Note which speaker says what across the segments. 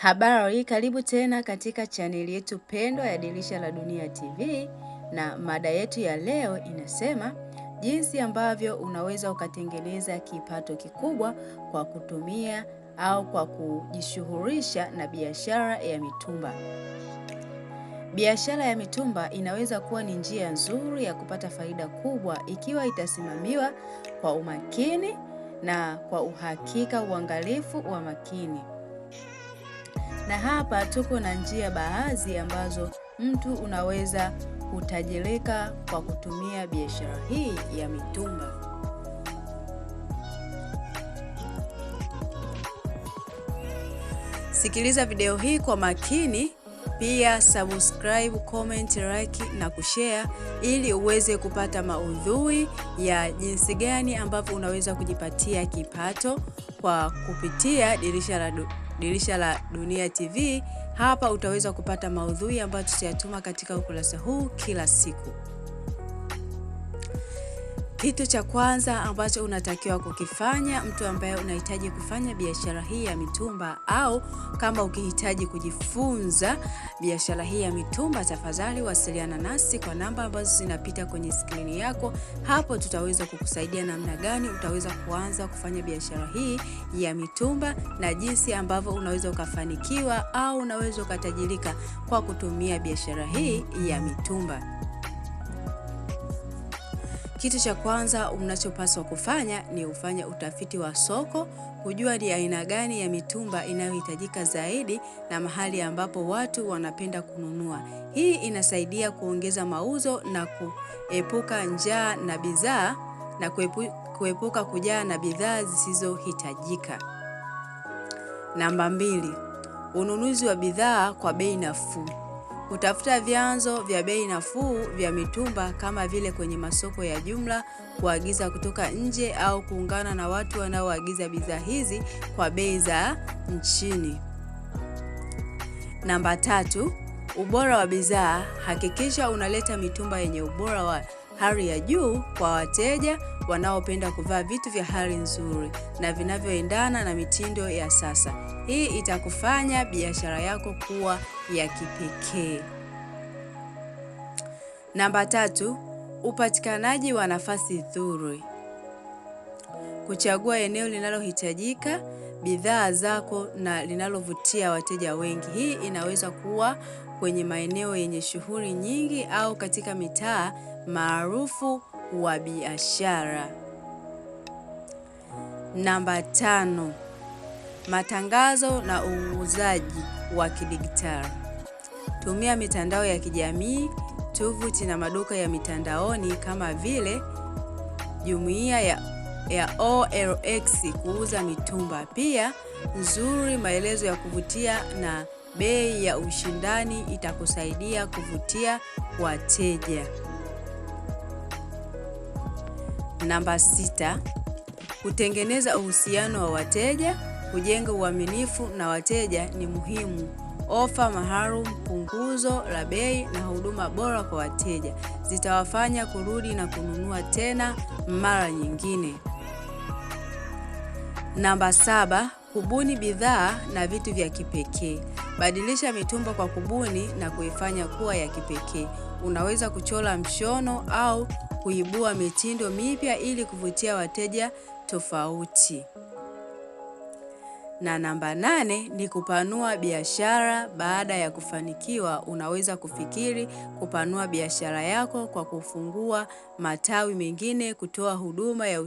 Speaker 1: Habari, karibu tena katika chaneli yetu pendwa ya Dirisha la Dunia TV, na mada yetu ya leo inasema jinsi ambavyo unaweza ukatengeneza kipato kikubwa kwa kutumia au kwa kujishughulisha na biashara ya mitumba. Biashara ya mitumba inaweza kuwa ni njia nzuri ya kupata faida kubwa ikiwa itasimamiwa kwa umakini na kwa uhakika, uangalifu wa makini na hapa tuko na njia baadhi ambazo mtu unaweza kutajeleka kwa kutumia biashara hii ya mitumba. Sikiliza video hii kwa makini, pia subscribe, comment, like na kushare ili uweze kupata maudhui ya jinsi gani ambavyo unaweza kujipatia kipato kwa kupitia dirisha la Dirisha la Dunia TV. Hapa utaweza kupata maudhui ambayo tutayatuma katika ukurasa huu kila siku. Kitu cha kwanza ambacho unatakiwa kukifanya, mtu ambaye unahitaji kufanya biashara hii ya mitumba au kama ukihitaji kujifunza biashara hii ya mitumba, tafadhali wasiliana nasi kwa namba ambazo zinapita kwenye skrini yako. Hapo tutaweza kukusaidia namna gani utaweza kuanza kufanya biashara hii ya mitumba na jinsi ambavyo unaweza ukafanikiwa au unaweza ukatajirika kwa kutumia biashara hii ya mitumba. Kitu cha kwanza unachopaswa kufanya ni ufanye utafiti wa soko, kujua ni aina gani ya mitumba inayohitajika zaidi na mahali ambapo watu wanapenda kununua. Hii inasaidia kuongeza mauzo na kuepuka njaa na bidhaa na kuepu, kuepuka kujaa na bidhaa zisizohitajika. Namba mbili, ununuzi wa bidhaa kwa bei nafuu. Kutafuta vyanzo vya bei nafuu vya mitumba kama vile kwenye masoko ya jumla, kuagiza kutoka nje au kuungana na watu wanaoagiza bidhaa hizi kwa bei za nchini. Namba tatu, ubora wa bidhaa. Hakikisha unaleta mitumba yenye ubora wa hali ya juu kwa wateja wanaopenda kuvaa vitu vya hali nzuri na vinavyoendana na mitindo ya sasa. Hii itakufanya biashara yako kuwa ya kipekee. Namba tatu, upatikanaji wa nafasi nzuri. Kuchagua eneo linalohitajika bidhaa zako na linalovutia wateja wengi. Hii inaweza kuwa kwenye maeneo yenye shughuli nyingi au katika mitaa maarufu wa biashara. Namba tano, matangazo na uuzaji wa kidigitali. Tumia mitandao ya kijamii, tovuti na maduka ya mitandaoni kama vile jumuiya ya ya OLX kuuza mitumba. Pia nzuri maelezo ya kuvutia na bei ya ushindani itakusaidia kuvutia wateja. Namba sita, kutengeneza uhusiano wa wateja. Kujenga uaminifu na wateja ni muhimu. Ofa maalum, punguzo la bei na huduma bora kwa wateja zitawafanya kurudi na kununua tena mara nyingine. Namba saba, kubuni bidhaa na vitu vya kipekee. Badilisha mitumba kwa kubuni na kuifanya kuwa ya kipekee. Unaweza kuchora mshono au kuibua mitindo mipya ili kuvutia wateja tofauti. Na namba nane ni kupanua biashara. Baada ya kufanikiwa, unaweza kufikiri kupanua biashara yako kwa kufungua matawi mengine, kutoa huduma ya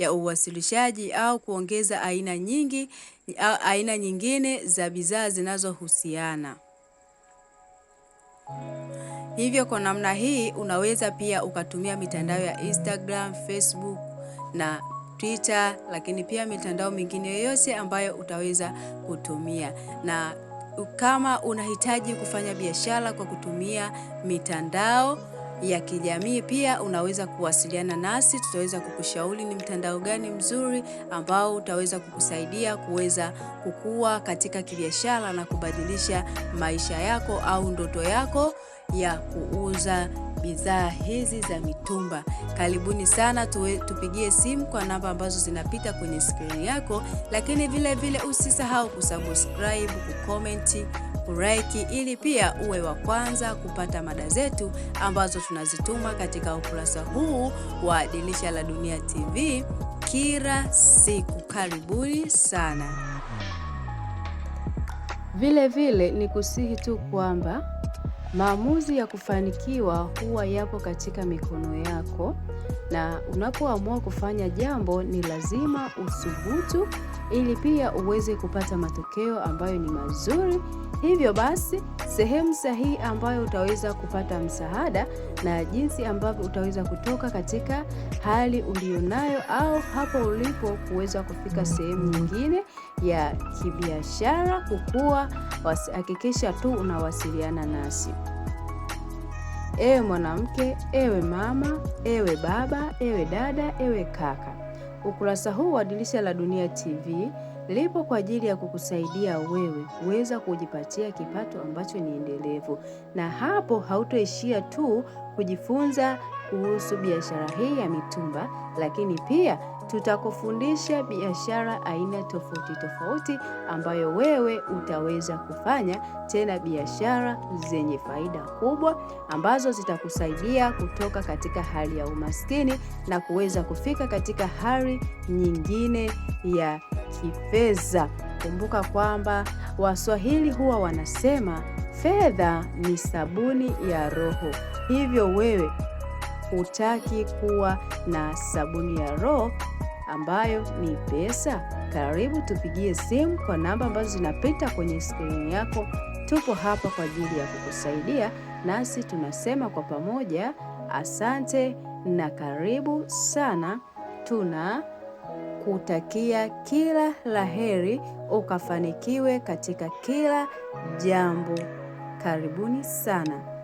Speaker 1: ya uwasilishaji au kuongeza aina nyingi aina nyingine za bidhaa zinazohusiana. Hivyo kwa namna hii unaweza pia ukatumia mitandao ya Instagram, Facebook na Twitter, lakini pia mitandao mingine yoyote ambayo utaweza kutumia. Na kama unahitaji kufanya biashara kwa kutumia mitandao ya kijamii. Pia unaweza kuwasiliana nasi, tutaweza kukushauri ni mtandao gani mzuri ambao utaweza kukusaidia kuweza kukua katika kibiashara na kubadilisha maisha yako au ndoto yako ya kuuza bidhaa hizi za mitumba. Karibuni sana tuwe, tupigie simu kwa namba ambazo zinapita kwenye skrini yako, lakini vile vile usisahau kusubscribe, kucomment kulike ili pia uwe wa kwanza kupata mada zetu ambazo tunazituma katika ukurasa huu wa Dirisha la Dunia TV kila siku. Karibuni sana. Vile vile ni kusihi tu kwamba maamuzi ya kufanikiwa huwa yapo katika mikono yako na unapoamua kufanya jambo ni lazima usubutu ili pia uweze kupata matokeo ambayo ni mazuri. Hivyo basi, sehemu sahihi ambayo utaweza kupata msaada na jinsi ambavyo utaweza kutoka katika hali ulionayo au hapo ulipo kuweza kufika sehemu nyingine ya kibiashara, kukua. Hakikisha tu unawasiliana nasi ewe mwanamke, ewe mama, ewe baba, ewe dada, ewe kaka. Ukurasa huu wa Dirisha la Dunia TV lipo kwa ajili ya kukusaidia wewe kuweza kujipatia kipato ambacho ni endelevu, na hapo hautoishia tu kujifunza kuhusu biashara hii ya mitumba, lakini pia tutakufundisha biashara aina tofauti tofauti ambayo wewe utaweza kufanya, tena biashara zenye faida kubwa ambazo zitakusaidia kutoka katika hali ya umaskini na kuweza kufika katika hali nyingine ya kifedha. Kumbuka kwamba Waswahili huwa wanasema fedha ni sabuni ya roho, hivyo wewe hutaki kuwa na sabuni ya roho ambayo ni pesa? Karibu tupigie simu kwa namba ambazo zinapita kwenye skrini yako. Tupo hapa kwa ajili ya kukusaidia, nasi tunasema kwa pamoja asante na karibu sana. tuna kutakia kila laheri, ukafanikiwe katika kila jambo. Karibuni sana.